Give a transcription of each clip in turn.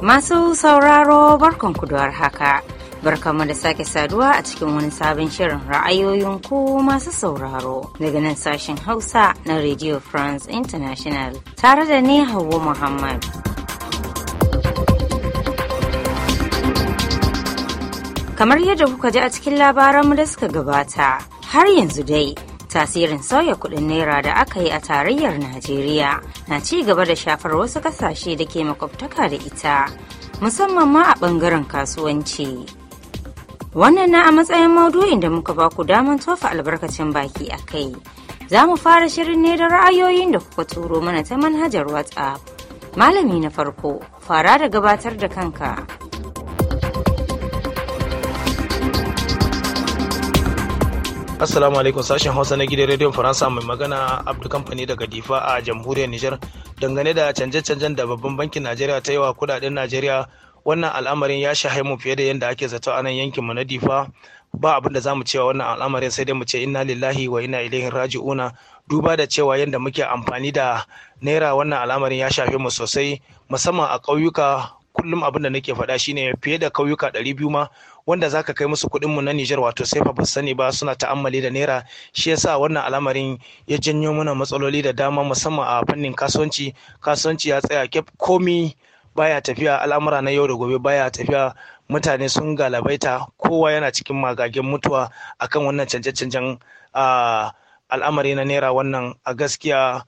Masu sauraro barkan ku da haka. Barkanmu da sake saduwa a cikin wani sabon shirin ra'ayoyin ku masu sauraro daga nan sashen Hausa na Radio France International tare da ni Hauwa Muhammad. Kamar yadda kuka ji a cikin labaranmu da suka gabata, har yanzu dai tasirin sauya kuɗin naira da aka yi a tarayyar najeriya na ci gaba da shafar wasu ƙasashe da ke makwabtaka da ita musamman ma a ɓangaren kasuwanci wannan na a matsayin maudu'in da muka ba ku damar tofa albarkacin baki a kai za mu fara shirin ne da ra'ayoyin da kuka turo mana ta manhajar whatsapp malami na farko fara da gabatar da kanka Assalamu alaikum sashen Hausa na gidan Radio Faransa mai magana Abdul Kamfani daga Difa a jamhuriyar Nijar dangane da canje-canjen da babban bankin Najeriya ta yi wa kudaden Najeriya wannan al'amarin ya sha mu fiye da yadda ake zato a nan yankin mu na Difa ba abin da za mu cewa wannan al'amarin sai dai mu ce inna lillahi wa inna ilaihi raji'una duba da cewa yadda muke amfani da naira wannan al'amarin ya shafe mu sosai musamman a ƙauyuka kullum abin da nake faɗa shine fiye da kauyuka ɗari biyu ma wanda zaka kai musu kuɗin mu na Nijar wato sai fa sani ba suna ta'ammali da naira shi yasa wannan al'amarin ya janyo mana matsaloli da dama musamman a fannin kasuwanci kasuwanci ya tsaya komi baya tafiya al'amura na yau da gobe baya tafiya mutane sun galabaita kowa yana cikin magagen mutuwa akan wannan canje-canjen al'amari na naira wannan a gaskiya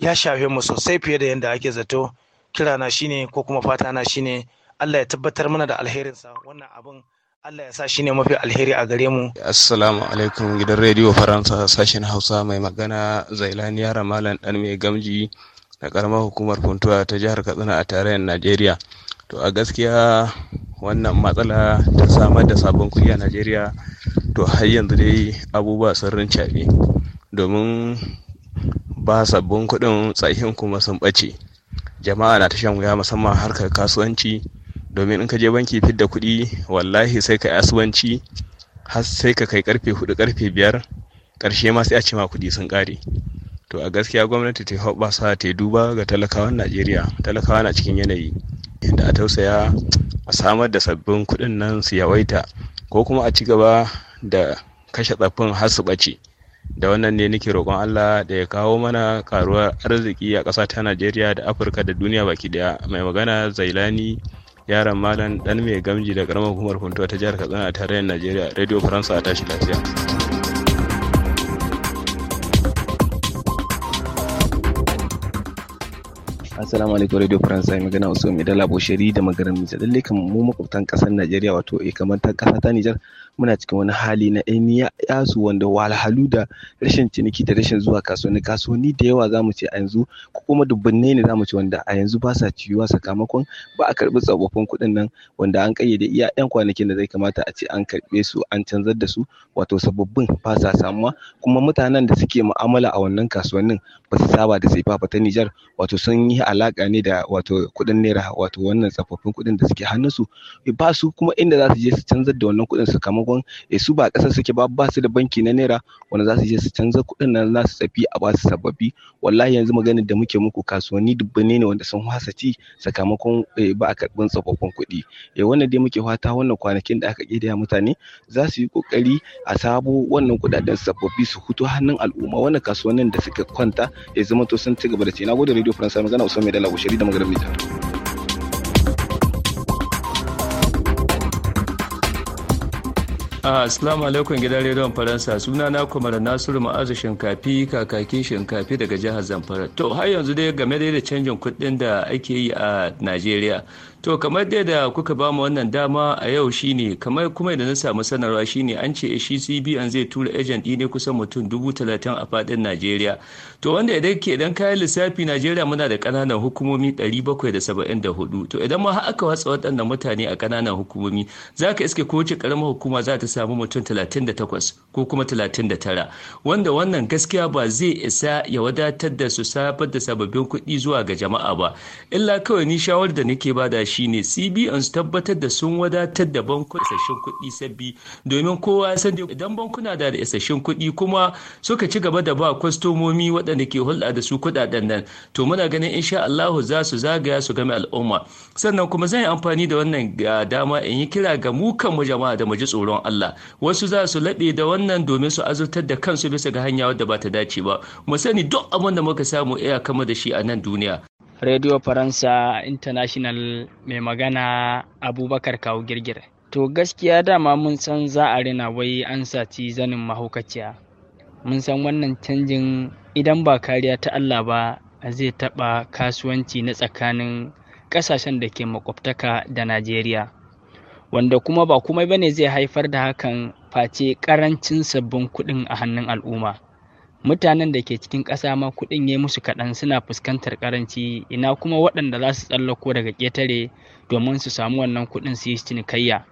ya shafe mu sosai fiye da yadda ake zato kira na shine ko kuma fata na shine Allah ya tabbatar mana da alherinsa wannan abin Allah ya sa shi ne mafi alheri a gare mu. Assalamu alaikum gidan rediyo Faransa sashen Hausa mai magana Zailani Yara Malam Dan Mai Gamji da karamar hukumar Funtuwa ta jihar Katsina a tarayyar Najeriya. To a gaskiya wannan matsala ta samar da sabon kuɗi a Najeriya to har yanzu dai abubuwa sun rincaɓe domin ba sabbin kuɗin tsahin kuma sun ɓace. jama'a na ta shan wuya musamman harkar kasuwanci domin in ka je banki fit da kuɗi wallahi sai ka asubanci har sai ka kai karfe hudu karfe biyar karshe ma sai a ce ma kuɗi sun ƙare to a gaskiya gwamnati ta hoɓasa ta duba ga talakawan najeriya talakawa na cikin yanayi inda a tausaya a samar da sabbin kuɗin nan su yawaita ko kuma a ci gaba da kashe tsaffin har su ɓace da wannan ne nake roƙon Allah da ya kawo mana karuwar arziki a ƙasa ta Najeriya da Afirka da duniya baki daya mai magana Zailani yaran malam dan mai gamji da karamar hukumar funtuwa ta jihar Katsina a tarayyar Najeriya Radio France a tashi lafiya. Assalamu alaikum Radio France ai magana Usman mai dala Bosheri da magarin mu Lalle mu makwabtan kasar Najeriya wato eh kamar ta kasa ta Nijar muna cikin wani hali na ɗan yasu wanda walhalu da rashin ciniki da rashin zuwa kasuwanni kasuwanni da yawa zamu ce a yanzu ko kuma dubbanne ne zamu ce wanda a yanzu ba sa ciyuwa sakamakon ba a karbi tsofaffin kuɗin nan wanda an kayyade iya ƴan kwanakin da zai kamata a ce an karbe su an canzar da su wato sababbin ba sa samuwa kuma mutanen da suke mu'amala a wannan kasuwannin ba saba da sifa ba ta Nijar wato sun yi alaka ne da wato kuɗin naira wato wannan tsofaffin kuɗin da suke su ba su kuma inda za su je su canzar da wannan kuɗin sakamakon e, su ba ƙasar suke ba ba su da banki na naira wanda za su je su canza kuɗin nan za su tsafi a ba su sababbi wallahi yanzu maganar da muke muku kasuwanni dubbane ne wanda sun hasa ci sakamakon eh, ba a karɓan tsofaffin kuɗi e, wannan dai muke fata wannan kwanakin da aka ƙidaya mutane za su yi ƙoƙari a sabo wannan kuɗaɗen sababbi su hutu hannun al'umma wannan kasuwannin da suka kwanta ya zama to sun ci gaba da ci na gode radio faransa magana usman mai dala shari da magarin a ah, Assalamu alaikum gidan rediyon Faransa suna na kwamar Nasiru Ma'azu Shinkafi kakakin Shinkafi daga jihar Zamfara. To har yanzu dai game da canjin kuɗin da ake yi a Najeriya. To kamar dai da kuka ba mu wannan dama a yau shine kamar kuma da na samu sanarwa shine an ce shi CBN zai tura agent ne kusan mutum dubu talatin a fadin Najeriya. To wanda idan ke idan kayan lissafi Najeriya muna da ƙananan hukumomi 774. To idan ma har aka watsa waɗannan mutane a ƙananan hukumomi za ka iske ko kowace ƙaramar hukuma za ta samu mutum talatin da 38 ko kuma talatin da tara. wanda wannan gaskiya ba zai isa ya wadatar da su sabar da sababbin kuɗi zuwa ga jama'a ba. Illa kawai ni shawar da nake bada shine cbn su tabbatar da sun wadatar da bankuna isasshen kuɗi sabbi domin kowa ya san idan bankuna da isasshen kuɗi kuma suka ci gaba da ba kwastomomi waɗanda ke hulɗa da su kuɗaɗen nan to muna ganin sha Allahu za su zagaya su game al'umma sannan kuma zan yi amfani da wannan ah, dama in yi kira ga mu mu jama'a da mu ji tsoron Allah wasu za su laɓe da wannan domin su azurtar da kansu bisa ga hanya wadda ba ta dace ba mu sani duk abin da muka samu iya kama da shi a nan duniya Radio Faransa International mai magana Abubakar Kawu Girgir. To gaskiya dama mun san za a rina wai an saci zanin mahaukaciya. Mun san wannan canjin idan ba kariya ta Allah ba zai taɓa kasuwanci na tsakanin ƙasashen da ke makwabtaka da Najeriya. Wanda kuma ba komai bane zai haifar da hakan face ƙarancin sabbin kuɗin a hannun al'umma. mutanen da ke cikin ƙasa ma kuɗin ya musu kaɗan suna fuskantar ƙaranci ina kuma waɗanda za su tsallako daga ƙetare domin su samu wannan kuɗin su yi cinikayya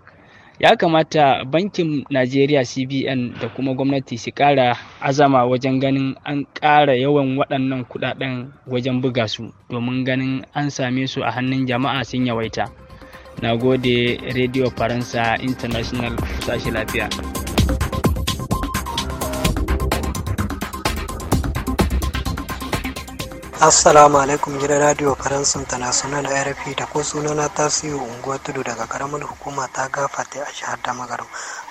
ya kamata bankin najeriya cbn da kuma gwamnati su ƙara azama wajen ganin an ƙara yawan waɗannan kuɗaɗen wajen buga su domin ganin an same su a hannun jama'a sun yawaita na gode radio faransa international sashi lafiya assalamu alaikum gidan radio faransa international rfi da ko na tasiru unguwa tudu daga karamar hukuma ta gafata a shahar da magaro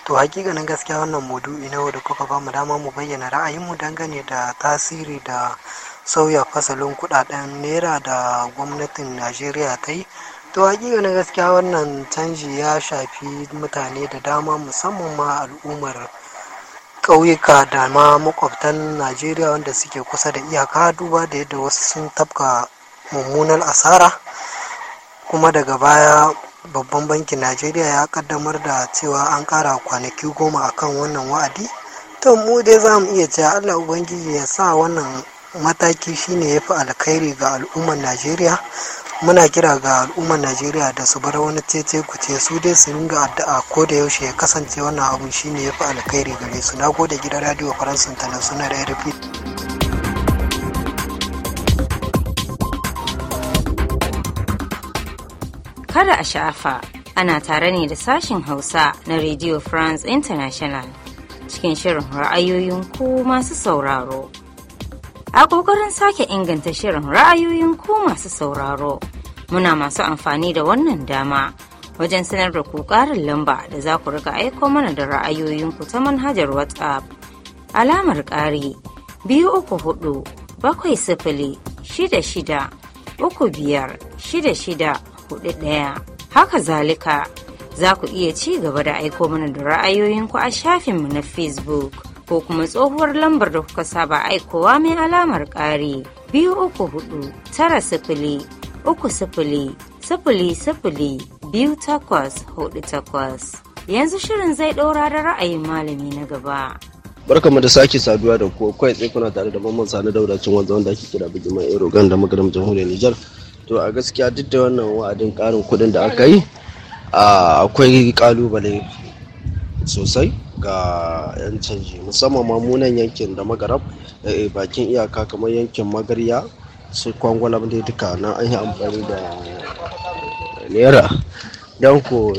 to hakikanin gaskiya wannan maudu'i na da kuka ba mu dama mu bayyana ra'ayinmu dangane da tasiri da sauya fasalin kudaden naira da gwamnatin najeriya ta yi to hakikanin gaskiya wannan canji ya shafi mutane da dama musamman ma al'ummar ƙauyuka da ma makwabtan najeriya wanda suke kusa da iyaka duba da yadda wasu sun tafka mummunar asara kuma daga baya babban bankin najeriya ya kaddamar da cewa an kara kwanaki goma a kan wannan wa'adi to mu dai za mu iya ce allah ubangiji ya sa wannan mataki shine ya fi alkhairi ga al'ummar najeriya muna kira ga al'ummar najeriya da su bar wani tece kuce su dai su ringa addu'a ko da yaushe ya kasance wannan abun shine ya fi alkhairi gare su na gode gidan radio faransa international rfi kada a sha'afa ana tare ne da sashen hausa na radio france international cikin shirin ra'ayoyin ko masu sauraro a ƙoƙarin sake inganta shirin ra'ayoyin ku masu sauraro. Muna masu amfani da wannan dama wajen sanar da ku ƙarin lamba da za ku riga aiko mana da ra'ayoyinku ta manhajar WhatsApp. Alamar ƙari biyu uku hudu bakwai sifili shida shida uku biyar shida shida hudu ɗaya. Haka zalika za ku iya ci gaba da aiko mana da ra'ayoyinku a shafinmu na Facebook. ko kuma tsohuwar lambar da kuka saba aikowa mai alamar ƙari biyu uku hudu tara sifili uku sifili sifili sifili biyu takwas hudu takwas yanzu shirin zai ɗora da ra'ayin malami na gaba. barkamu da sake saduwa da ku kai tsaye kuna tare da mamman sani daudacin wanzu wanda ake kira bigiman erogan da magaram jamhuriyar nijar to a gaskiya duk da wannan wa'adin karin kuɗin da aka yi akwai ƙalubale sosai ga 'yan canji musamman mamunan yankin da magarab eh, bakin iyaka kamar yankin magarya su kwangwalam dai duka na an yi amfani da naira don ko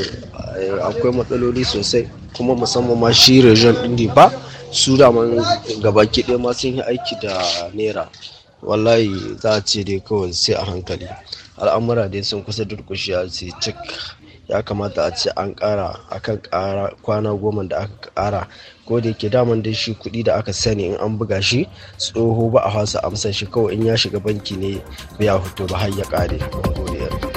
eh, akwai matsaloli sosai kuma musamman ma shi region ɗin ba su daman gabaki ɗaya ma sun yi aiki da naira wallahi za a ce dai kawai sai a hankali al'amura dai sun kusa durƙushiya sai cik ya kamata a ce an kara akan kara kwana goma da aka kara ko da yake daman dai shi kuɗi da aka sani in an buga shi tsoho ba a hasa amsa shi kawai in ya shiga banki ne ya fito ba har ya kare ban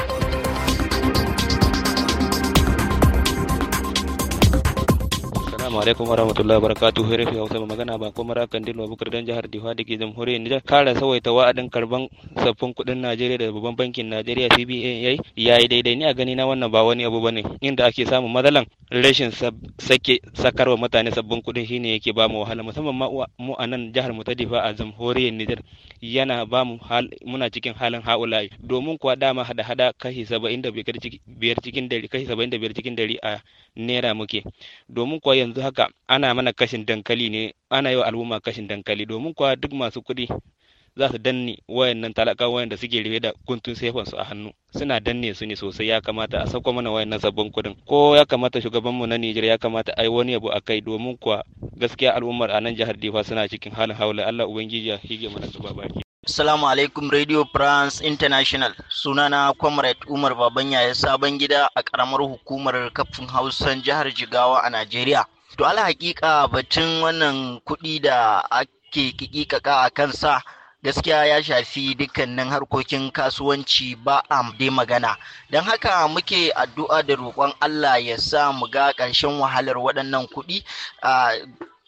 Assalamu alaikum warahmatullahi wabarakatuh. Rafi Hausa magana ba kuma rakan Dilma Bukar dan jihar Difa da ke jamhuriyar Nijar. Kara sawaita wa'adin karban sabbin kuɗin Najeriya da babban bankin Najeriya CBA yayi yayi daidai ni a gani na wannan ba wani abu bane inda ake samun matsalan rashin sake sakarwa mutane sabbin kuɗin shine yake ba mu wahala musamman ma mu a nan jihar mu ta Difa a jamhuriyar Nijar yana ba mu muna cikin halin haulayi domin kuwa dama hada hada kashi 75 cikin dari kashi 75 cikin dari a nera muke domin kuwa yanzu haka ana mana kashin dankali ne ana yi wa al'umma kashin dankali domin kuwa duk masu kuɗi za su danne wayannan talaka wayanda suke rufe da guntun sefan su a hannu suna danne su ne sosai ya kamata a sauko mana wayannan sabbin kuɗin ko ya kamata shugabanmu na Nijar ya kamata ai wani abu akai domin kuwa gaskiya al'ummar a nan jihar Difa suna cikin halin haula Allah ubangiji ya hige mana su baki Assalamu alaikum Radio France International sunana Comrade Umar Babanya ya sabon gida a karamar hukumar kafin Hausan jihar Jigawa a Najeriya To ala hakika batun wannan kuɗi da ake kikikaka a kansa gaskiya ya shafi dukkanin harkokin kasuwanci ba a dai magana don haka muke addu'a da roƙon Allah ya sa mu ga ƙarshen wahalar waɗannan kuɗi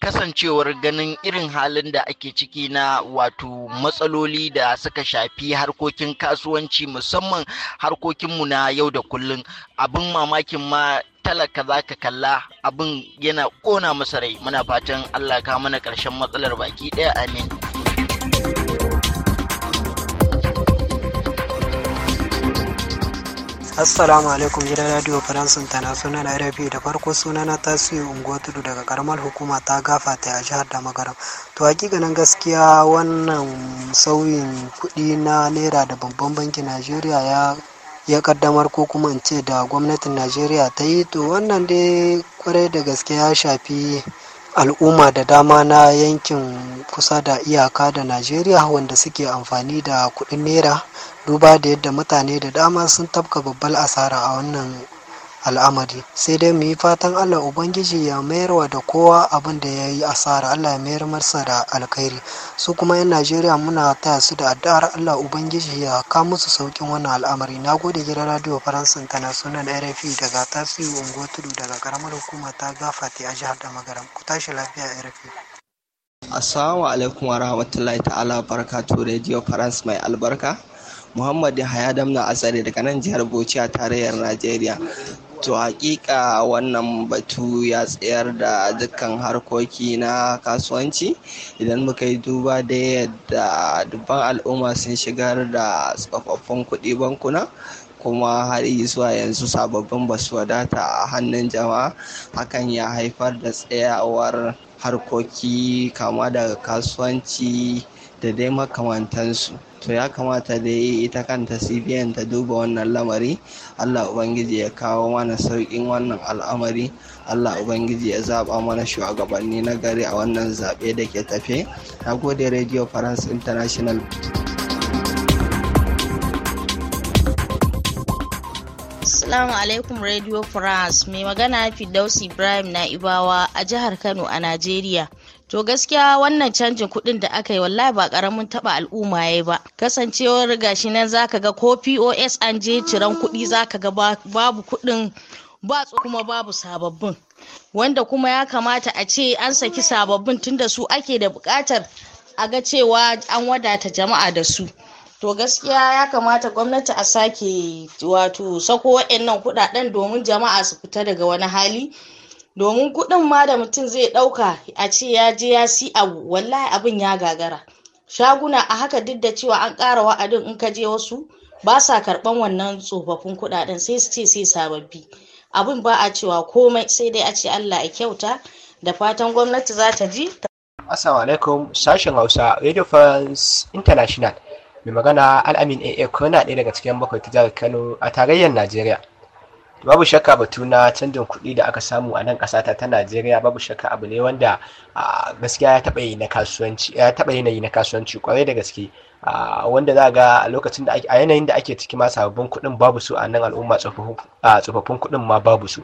kasancewar ganin irin halin da ake ciki na wato matsaloli da suka shafi harkokin kasuwanci musamman harkokinmu na yau da kullum abin mamakin ma talaka za ka kalla abin yana kona masarai, muna fatan allah ka mana karshen matsalar baki ɗaya amin Assalamu alaikum gidan Radio France International RFI da farko sunana Tasiu Unguwa Tudu daga karamar hukuma ta gafa ta a jihar Damagaram. To hakikanin gaskiya wannan sauyin kuɗi na naira da babban bankin Najeriya ya ya kaddamar ko kuma in ce da gwamnatin Najeriya ta yi to wannan dai kwarai da gaske ya shafi al'umma da dama na yankin kusa da iyaka da najeriya wanda suke amfani da kuɗin naira duba da yadda mutane da dama sun tafka babbar asara a wannan al'amari sai dai mu yi fatan allah ubangiji ya mayarwa da kowa abin da ya yi asara allah ya mayar masa da alkhairi su kuma yan najeriya muna taya su da addu'ar allah ubangiji ya ka musu saukin wannan al'amari na gode gidan radio faransa international rf daga tasiri unguwar tudu daga karamar hukuma ta gafati a jihar da magaram ku tashi lafiya rf Assalamu alaikum wa rahmatullahi ta'ala barakatu Radio France mai albarka. Muhammad Yahaya Damna asali daga nan jihar Bauchi a tarayyar Najeriya. To hakika wannan batu ya tsayar da dukkan harkoki na kasuwanci idan muka yi duba da yadda dubban al'umma sun shigar da tsofaffin kuɗi bankuna kuma har zuwa yanzu sababbin ba su wadata a hannun jama'a hakan ya haifar da tsayawar harkoki kama daga kasuwanci da dai makamantansu. to ya kamata da yi ita kanta cbn ta duba wannan lamari allah ubangiji ya kawo mana sauƙin wannan al'amari allah ubangiji ya zaɓa mana shugabanni na gari a wannan zaɓe da ke tafe na gode radio france international salamu alaikum Radio France mai magana Fidaus Ibrahim na Ibawa a jihar Kano a Najeriya. To gaskiya wannan canjin kuɗin da aka yi wallahi ba karamin taba al'umma yayi ba. Kasancewar gashi nan zaka ga ko POS an je ciran kuɗi zaka ga babu kuɗin ba kuma babu sababbin. Wanda kuma ya kamata a ce an saki sababbin tunda su ake da buƙatar a ga cewa an wadata jama'a da su. To gaskiya ya kamata gwamnati a sake wato sako waɗannan kuɗaɗen domin jama'a su fita daga wani hali. domin kuɗin ma da mutum zai ɗauka a ce ya je ya si abu wallahi abin ya gagara shaguna a haka duk da cewa an ƙara wa'adin in ka je wasu ba sa karɓan wannan tsofaffin kuɗaɗen sai su ce sai sababbi abin ba a cewa komai sai dai a ce allah a kyauta da fatan gwamnati za ta ji assalamu alaikum sashen hausa radio france international mai magana al'amin aa na ɗaya daga cikin bakwai ta jihar kano a tarayyar najeriya babu shakka batu na canjin kuɗi da aka samu a nan ƙasa ta najeriya babu shakka abu ne wanda gaskiya ya taɓa yi na kasuwanci ya taɓa yanayi na kasuwanci kwarai da gaske wanda za ga a lokacin da a yanayin da ake ciki ma sababbin kuɗin babu su a nan al'umma tsofaffin kuɗin ma babu su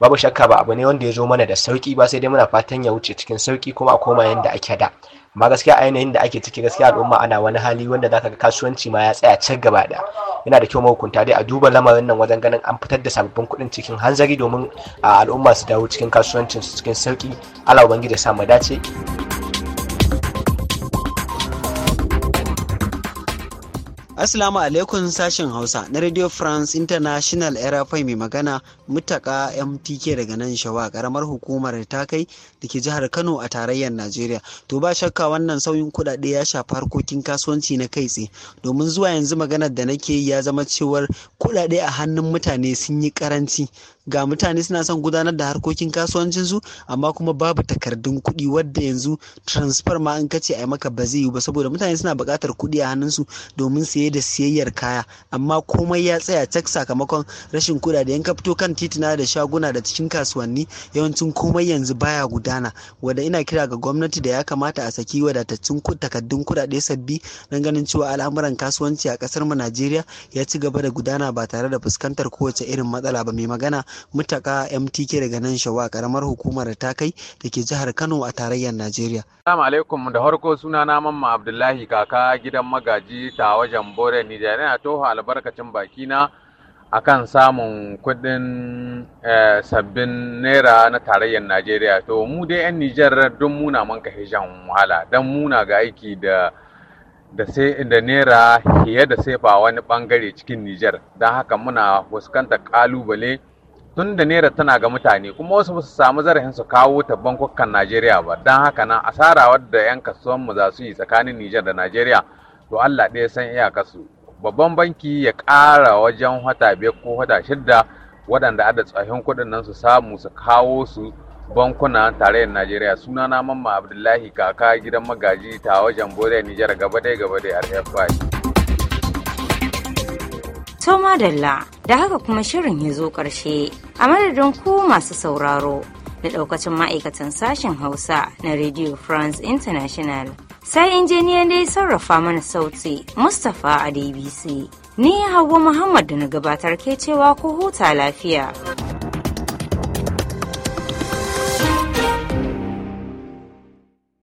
babu shakka ba abu ne wanda ya zo mana da sauki ba sai dai muna fatan ya wuce cikin sauki kuma a koma yanda ake da amma gaskiya a yanayin da ake ciki gaskiya al'umma ana wani hali wanda zaka ga kasuwanci ma ya tsaya can gaba da yana da kyau mahukunta dai a duba lamarin nan wajen ganin an fitar da sababbin kuɗin cikin hanzari domin a al'umma su dawo cikin kasuwancin su cikin sauki ala ubangiji ya sa mu dace Asalamu alaikum sashen Hausa na Radio France International RFI mai magana mutaka MTK daga nan shawa karamar hukumar ta kai da ke jihar Kano a tarayyar Najeriya. To ba shakka wannan sauyin kuɗaɗe ya shafi harkokin kasuwanci na kai tsaye domin zuwa yanzu maganar da nake ya zama cewar kuɗaɗe a hannun mutane sun yi karanci ga mutane suna son gudanar da harkokin kasuwancin su amma kuma babu takardun kuɗi wadda yanzu transfer ma in kace ai maka ba zai yi ba saboda mutane suna buƙatar kuɗi a hannun su domin saye da siyayyar kaya amma komai ya tsaya cak sakamakon rashin kuɗaɗe da 'yan fito kan titina da shaguna da cikin kasuwanni yawancin komai yanzu baya gudana wanda ina kira ga gwamnati da ya kamata a saki wadatattun takardun kuɗaɗe sabbi don ganin cewa al'amuran kasuwanci a ƙasar mu Najeriya ya ci gaba da gudana ba tare da fuskantar kowace irin matsala ba mai magana mutaka mtk daga nan shawa karamar hukumar da ta kai da ke jihar kano a tarayyar najeriya assalamu alaikum da harko suna na mamma abdullahi kaka gidan magaji ta wajen bore nijar yana toho albarkacin bakina akan samun kuɗin eh, sabbin naira na tarayyar najeriya to mu dai 'yan nijar don muna man hijan wahala don muna ga aiki da da sai da naira fiye da sefa wani bangare cikin nijar don haka muna fuskantar ƙalubale tun da naira tana ga mutane kuma wasu su samu zarafin su kawo ta bankukan najeriya ba don haka nan asara wadda 'yan kasuwanmu za su yi tsakanin nijar da najeriya to allah ɗaya san su babban banki ya ƙara wajen wata biyar ko wata shidda waɗanda ada tsohon kuɗin nan su samu su kawo su bankuna tarayyar najeriya suna na mamma abdullahi kaka gidan magaji ta wajen bore nijar gaba dai gaba dai rfi da haka kuma shirin ya zo ƙarshe a madadin ku masu sauraro da daukacin ma'aikatan sashen hausa na radio france international sai injiniyan da ya sarrafa mana sauti mustapha a dbc ni hawa muhammad da na gabatar ke cewa ku huta lafiya.